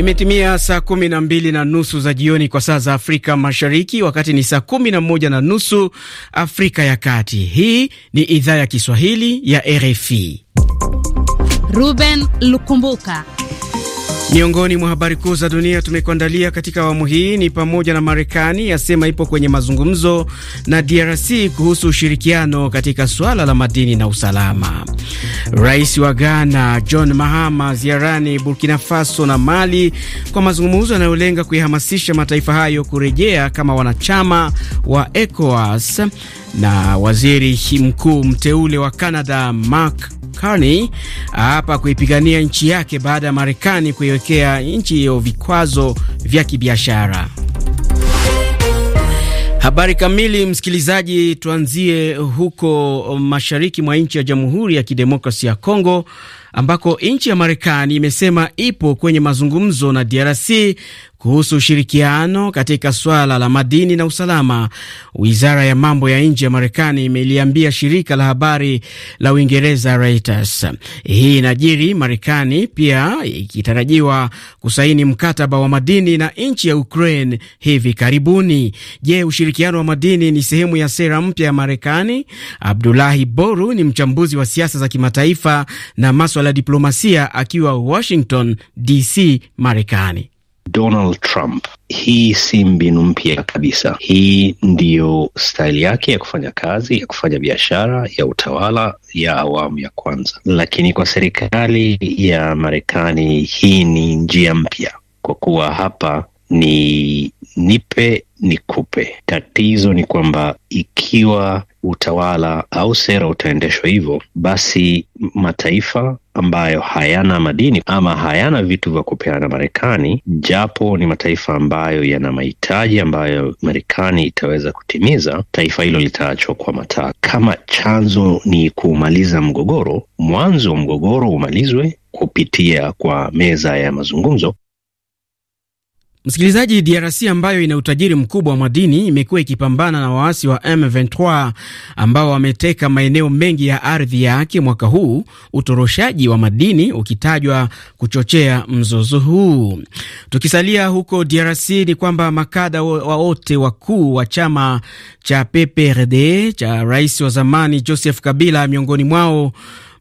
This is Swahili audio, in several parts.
Imetimia saa kumi na mbili na nusu za jioni kwa saa za Afrika Mashariki, wakati ni saa kumi na moja na nusu Afrika ya Kati. Hii ni idhaa ya Kiswahili ya RFI. Ruben Lukumbuka Miongoni mwa habari kuu za dunia tumekuandalia katika awamu hii ni pamoja na Marekani yasema ipo kwenye mazungumzo na DRC kuhusu ushirikiano katika suala la madini na usalama. Rais wa Ghana John Mahama ziarani Burkina Faso na Mali kwa mazungumzo yanayolenga kuyahamasisha mataifa hayo kurejea kama wanachama wa ECOWAS. Na waziri mkuu mteule wa Canada Mark Carney hapa kuipigania nchi yake baada ya Marekani kuiwekea nchi hiyo vikwazo vya kibiashara. Habari kamili, msikilizaji, tuanzie huko mashariki mwa nchi ya Jamhuri ya Kidemokrasi ya Kongo ambako nchi ya Marekani imesema ipo kwenye mazungumzo na DRC kuhusu ushirikiano katika swala la madini na usalama. Wizara ya mambo ya nje ya Marekani imeliambia shirika la habari la Uingereza Reuters. Hii inajiri Marekani pia ikitarajiwa kusaini mkataba wa madini na nchi ya Ukraine hivi karibuni. Je, ushirikiano wa madini ni sehemu ya sera mpya ya Marekani? Abdulahi Boru ni mchambuzi wa siasa za kimataifa na maswala ya diplomasia akiwa Washington DC, Marekani. Donald Trump, hii si mbinu mpya kabisa. Hii ndiyo staili yake ya kufanya kazi, ya kufanya biashara, ya utawala ya awamu ya kwanza. Lakini kwa serikali ya Marekani hii ni njia mpya, kwa kuwa hapa ni nipe nikupe. Tatizo ni kwamba ikiwa utawala au sera utaendeshwa hivyo, basi mataifa ambayo hayana madini ama hayana vitu vya kupeana Marekani, japo ni mataifa ambayo yana mahitaji ambayo Marekani itaweza kutimiza, taifa hilo litaachwa kwa mataa. Kama chanzo ni kuumaliza mgogoro, mwanzo wa mgogoro umalizwe kupitia kwa meza ya mazungumzo Msikilizaji, DRC ambayo ina utajiri mkubwa wa madini imekuwa ikipambana na waasi wa M23 ambao wameteka maeneo mengi ya ardhi yake mwaka huu, utoroshaji wa madini ukitajwa kuchochea mzozo huu. Tukisalia huko DRC, ni kwamba makada wote wakuu wa chama cha PPRD cha rais wa zamani Joseph Kabila miongoni mwao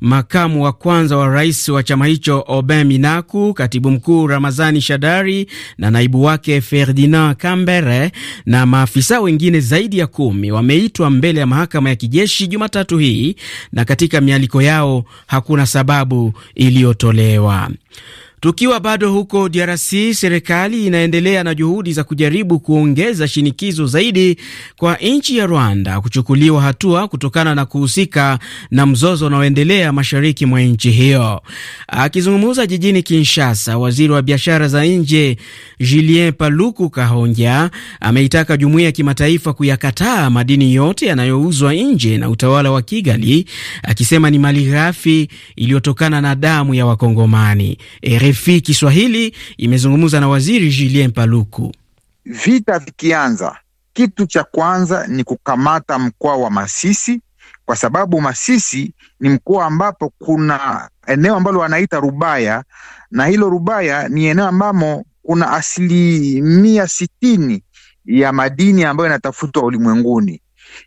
makamu wa kwanza wa rais wa chama hicho Aubin Minaku, katibu mkuu Ramazani Shadari na naibu wake Ferdinand Kambere na maafisa wengine zaidi ya kumi wameitwa mbele ya mahakama ya kijeshi Jumatatu hii, na katika mialiko yao hakuna sababu iliyotolewa. Tukiwa bado huko DRC, serikali inaendelea na juhudi za kujaribu kuongeza shinikizo zaidi kwa nchi ya Rwanda kuchukuliwa hatua kutokana na kuhusika na mzozo unaoendelea mashariki mwa nchi hiyo. Akizungumza jijini Kinshasa, waziri wa biashara za nje Julien Paluku Kahongya ameitaka jumuiya ya kimataifa kuyakataa madini yote yanayouzwa nje na utawala wa Kigali, akisema ni mali ghafi iliyotokana na damu ya Wakongomani. RFI Kiswahili imezungumza na waziri Julien Paluku. Vita vikianza, kitu cha kwanza ni kukamata mkoa wa Masisi kwa sababu Masisi ni mkoa ambapo kuna eneo ambalo wanaita Rubaya, na hilo Rubaya ni eneo ambamo kuna asilimia sitini ya madini ambayo inatafutwa ulimwenguni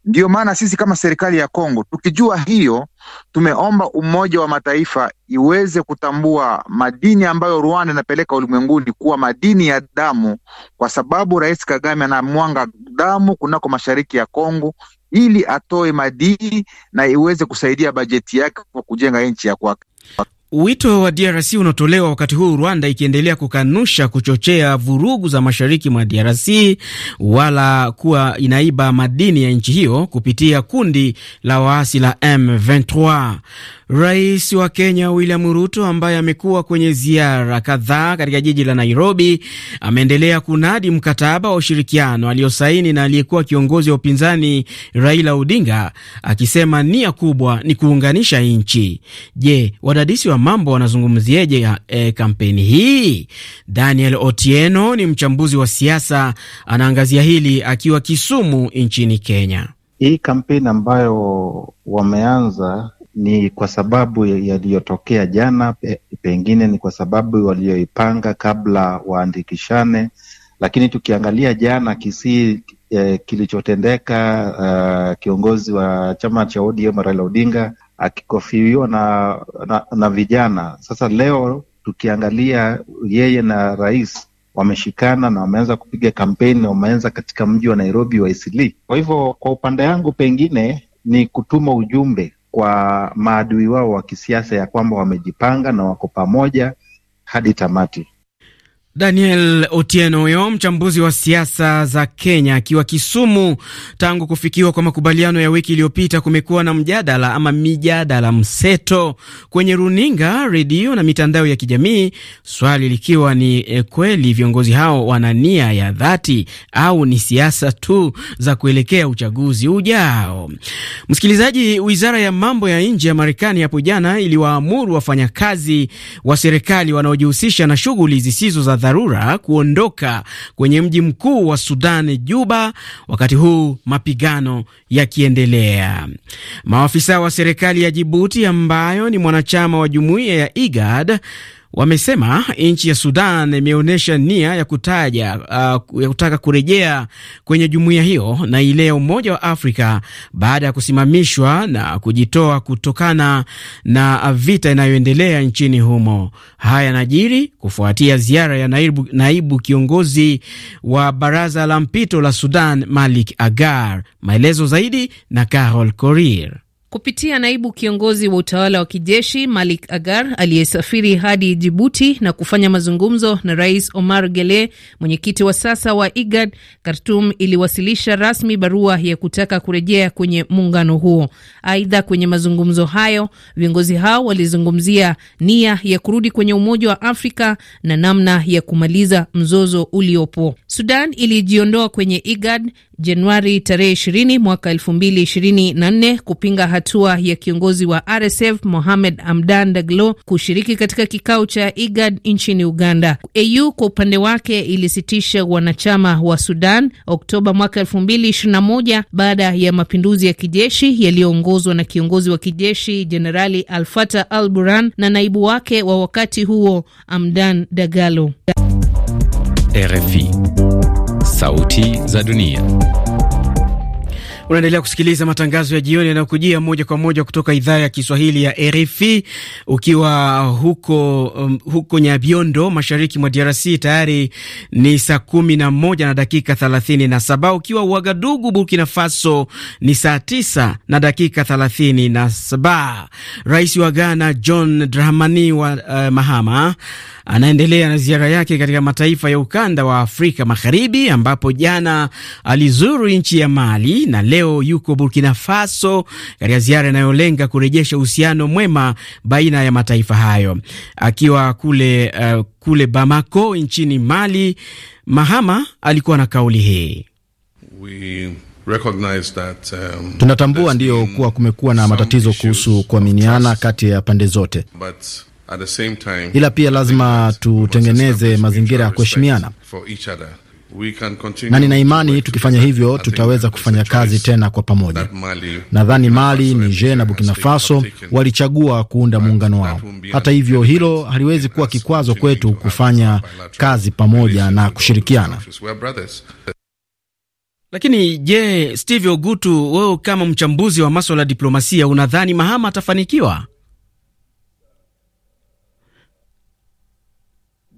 ndio maana sisi kama serikali ya Kongo tukijua hiyo, tumeomba Umoja wa Mataifa iweze kutambua madini ambayo Rwanda inapeleka ulimwenguni kuwa madini ya damu, kwa sababu Rais Kagame anamwanga damu kunako mashariki ya Kongo ili atoe madini na iweze kusaidia bajeti yake kwa kujenga nchi ya kwake. Wito wa DRC unatolewa wakati huu Rwanda ikiendelea kukanusha kuchochea vurugu za mashariki mwa DRC wala kuwa inaiba madini ya nchi hiyo kupitia kundi la waasi la M23. Rais wa Kenya William Ruto ambaye amekuwa kwenye ziara kadhaa katika jiji la Nairobi ameendelea kunadi mkataba wa ushirikiano aliyosaini na aliyekuwa kiongozi wa upinzani Raila Odinga akisema nia kubwa ni kuunganisha nchi. Je, wadadisi wa mambo wanazungumzieje e, kampeni hii? Daniel Otieno ni mchambuzi wa siasa, anaangazia hili akiwa Kisumu nchini Kenya. Hii kampeni ambayo wameanza ni kwa sababu yaliyotokea jana, pengine ni kwa sababu walioipanga kabla waandikishane. Lakini tukiangalia jana Kisii eh, kilichotendeka uh, kiongozi wa chama cha ODM Raila Odinga akikofiwa na, na, na vijana. Sasa leo tukiangalia yeye na rais wameshikana na wameanza kupiga kampeni, wameanza katika mji wa Nairobi wa Eastleigh. Kwa hivyo kwa upande yangu pengine ni kutuma ujumbe kwa maadui wao wa kisiasa ya kwamba wamejipanga na wako pamoja hadi tamati. Daniel Otieno huyo mchambuzi wa siasa za Kenya akiwa Kisumu. Tangu kufikiwa kwa makubaliano ya wiki iliyopita, kumekuwa na mjadala ama mijadala mseto kwenye runinga, redio na mitandao ya kijamii, swali likiwa ni eh, kweli viongozi hao wana nia ya dhati au ni siasa tu za kuelekea uchaguzi ujao. Msikilizaji, wizara ya mambo ya nje ya Marekani hapo jana iliwaamuru wafanyakazi wa serikali wanaojihusisha na shughuli zisizo za dharura kuondoka kwenye mji mkuu wa Sudan, Juba, wakati huu mapigano yakiendelea. Maafisa wa serikali ya Jibuti ambayo ni mwanachama wa jumuiya ya IGAD wamesema nchi ya Sudan imeonyesha nia ya kutaja uh, ya kutaka kurejea kwenye jumuiya hiyo na ile ya Umoja wa Afrika baada ya kusimamishwa na kujitoa kutokana na vita inayoendelea nchini humo. Haya yanajiri kufuatia ziara ya naibu, naibu kiongozi wa baraza la mpito la Sudan Malik Agar. Maelezo zaidi na Carol Korir kupitia naibu kiongozi wa utawala wa kijeshi Malik Agar aliyesafiri hadi Jibuti na kufanya mazungumzo na Rais Omar Gele, mwenyekiti wa sasa wa IGAD. Khartum iliwasilisha rasmi barua ya kutaka kurejea kwenye muungano huo. Aidha, kwenye mazungumzo hayo viongozi hao walizungumzia nia ya kurudi kwenye Umoja wa Afrika na namna ya kumaliza mzozo uliopo. Sudan ilijiondoa kwenye IGAD Januari tarehe 20 mwaka 2024 kupinga hatua ya kiongozi wa RSF Mohamed Amdan Daglo kushiriki katika kikao cha IGAD nchini Uganda. AU kwa upande wake ilisitisha wanachama wa Sudan Oktoba mwaka elfu mbili ishirini na moja baada ya mapinduzi ya kijeshi yaliyoongozwa na kiongozi wa kijeshi Jenerali Alfata Al Buran na naibu wake wa wakati huo Amdan Dagalo. RFI, Sauti za Dunia. Unaendelea kusikiliza matangazo ya jioni yanayokujia moja kwa moja kutoka idhaa ya Kiswahili ya RFI ukiwa huko, um, huko Nyabiondo mashariki mwa DRC. Tayari ni saa kumi na moja na dakika thelathini na saba ukiwa Uagadugu Burkina Faso ni saa tisa na dakika thelathini na saba. Rais wa Ghana John Dramani wa uh, Mahama anaendelea na ziara yake katika mataifa ya ukanda wa Afrika Magharibi ambapo jana alizuru nchi ya Mali na leo leo yuko Burkina Faso katika ziara inayolenga kurejesha uhusiano mwema baina ya mataifa hayo. Akiwa kule, uh, kule Bamako nchini Mali, Mahama alikuwa na kauli hii. We... That, um, tunatambua ndiyo kuwa kumekuwa na matatizo kuhusu kuaminiana kati ya pande zote, ila pia lazima tutengeneze mazingira ya kuheshimiana na nina imani tukifanya hivyo tutaweza kufanya kazi tena kwa pamoja. Nadhani Mali, Niger na Burkina Faso walichagua kuunda muungano wao. Hata hivyo, hilo haliwezi kuwa kikwazo kwetu kufanya kazi pamoja na kushirikiana. Lakini je, Steve Ogutu, wewe kama mchambuzi wa maswala ya diplomasia, unadhani Mahama atafanikiwa?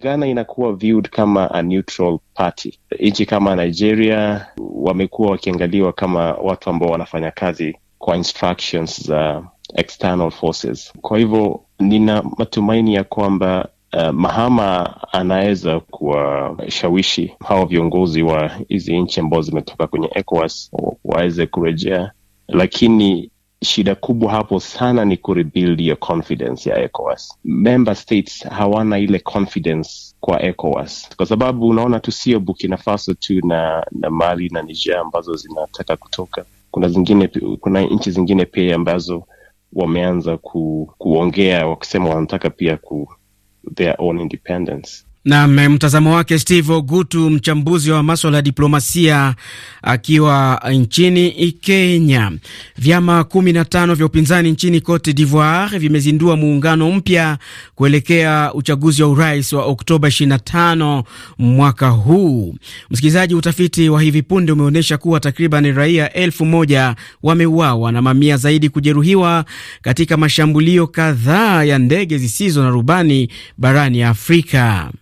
Ghana inakuwa viewed kama a neutral party. Nchi kama Nigeria wamekuwa wakiangaliwa kama watu ambao wanafanya kazi kwa instructions za uh, external forces. Kwa hivyo nina matumaini ya kwamba uh, Mahama anaweza kuwashawishi hawa viongozi wa hizi nchi ambao zimetoka kwenye ECOWAS waweze kurejea, lakini shida kubwa hapo sana ni kurebuild hiyo confidence ya ECOWAS. Member states hawana ile confidence kwa ECOWAS kwa sababu unaona tu sio Burkina Faso tu na, na Mali na Niger ambazo zinataka kutoka. Kuna zingine, kuna nchi zingine pia ambazo wameanza ku, kuongea wakisema wanataka pia ku their own independence. Nam mtazamo wake Steve Ogutu, mchambuzi wa maswala ya diplomasia akiwa nchini Kenya. Vyama kumi na tano vya upinzani nchini Cote d'Ivoire vimezindua muungano mpya kuelekea uchaguzi wa urais wa Oktoba 25 mwaka huu. Msikilizaji, utafiti wa hivi punde umeonyesha kuwa takriban raia elfu moja wameuawa na mamia zaidi kujeruhiwa katika mashambulio kadhaa ya ndege zisizo na rubani barani Afrika.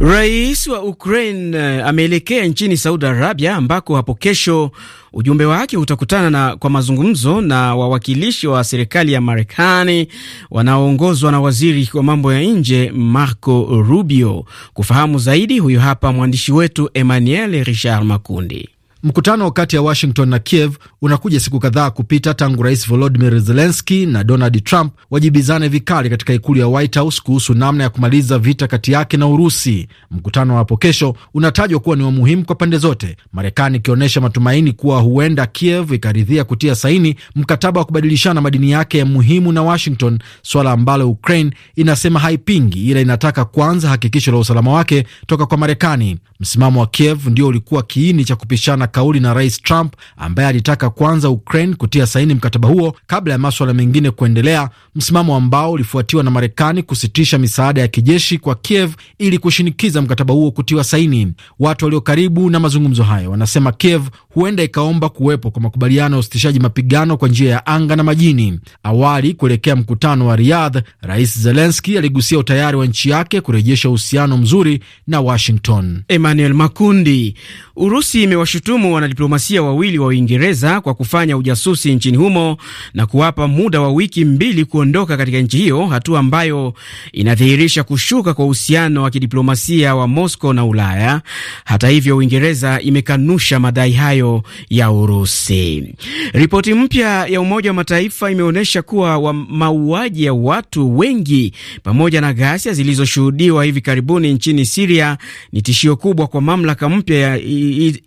Rais wa Ukraine eh, ameelekea nchini Saudi Arabia ambako hapo kesho ujumbe wake utakutana na kwa mazungumzo na wawakilishi wa serikali ya Marekani wanaoongozwa na waziri wa mambo ya nje Marco Rubio. Kufahamu zaidi, huyu hapa mwandishi wetu Emmanuel Richard Makundi. Mkutano kati ya Washington na Kiev unakuja siku kadhaa kupita tangu Rais Volodimir Zelenski na Donald Trump wajibizane vikali katika ikulu ya White House kuhusu namna ya kumaliza vita kati yake na Urusi. Mkutano wa hapo kesho unatajwa kuwa ni wa muhimu kwa pande zote, Marekani ikionyesha matumaini kuwa huenda Kiev ikaridhia kutia saini mkataba wa kubadilishana madini yake ya muhimu na Washington, suala ambalo Ukraine inasema haipingi, ila inataka kwanza hakikisho la usalama wake toka kwa Marekani. Msimamo wa Kiev ndio ulikuwa kiini cha kupishana kauli na Rais Trump ambaye alitaka kwanza Ukraine kutia saini mkataba huo kabla ya maswala mengine kuendelea, msimamo ambao ulifuatiwa na Marekani kusitisha misaada ya kijeshi kwa Kiev ili kushinikiza mkataba huo kutiwa saini. Watu walio karibu na mazungumzo hayo wanasema Kiev huenda ikaomba kuwepo kwa makubaliano ya usitishaji mapigano kwa njia ya anga na majini. Awali kuelekea mkutano wa Riyadh, Rais Zelenski aligusia utayari wa nchi yake kurejesha uhusiano mzuri na Washington. Emmanuel Makundi. Urusi imewashutumu wanashutumu wanadiplomasia wawili wa Uingereza kwa kufanya ujasusi nchini humo na kuwapa muda wa wiki mbili kuondoka katika nchi hiyo, hatua ambayo inadhihirisha kushuka kwa uhusiano wa kidiplomasia wa Moscow na Ulaya. Hata hivyo, Uingereza imekanusha madai hayo ya Urusi. Ripoti mpya ya Umoja wa Mataifa imeonyesha kuwa mauaji ya watu wengi pamoja na ghasia zilizoshuhudiwa hivi karibuni nchini Siria ni tishio kubwa kwa mamlaka mpya ya,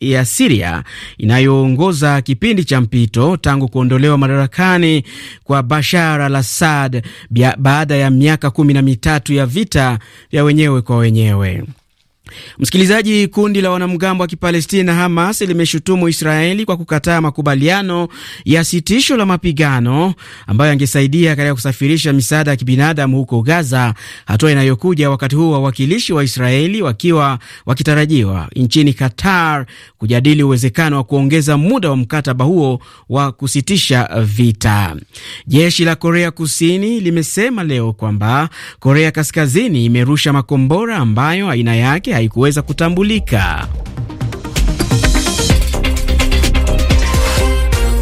ya Siria Nigeria inayoongoza kipindi cha mpito tangu kuondolewa madarakani kwa Bashar al-Assad baada ya miaka kumi na mitatu ya vita vya wenyewe kwa wenyewe. Msikilizaji, kundi la wanamgambo wa Kipalestina Hamas limeshutumu Israeli kwa kukataa makubaliano ya sitisho la mapigano ambayo yangesaidia katika kusafirisha misaada ya kibinadamu huko Gaza, hatua inayokuja wakati huu wawakilishi wa Israeli wakiwa wakitarajiwa nchini Qatar kujadili uwezekano wa kuongeza muda wa mkataba huo wa kusitisha vita. Jeshi la Korea Kusini limesema leo kwamba Korea Kaskazini imerusha makombora ambayo aina yake haikuweza kutambulika.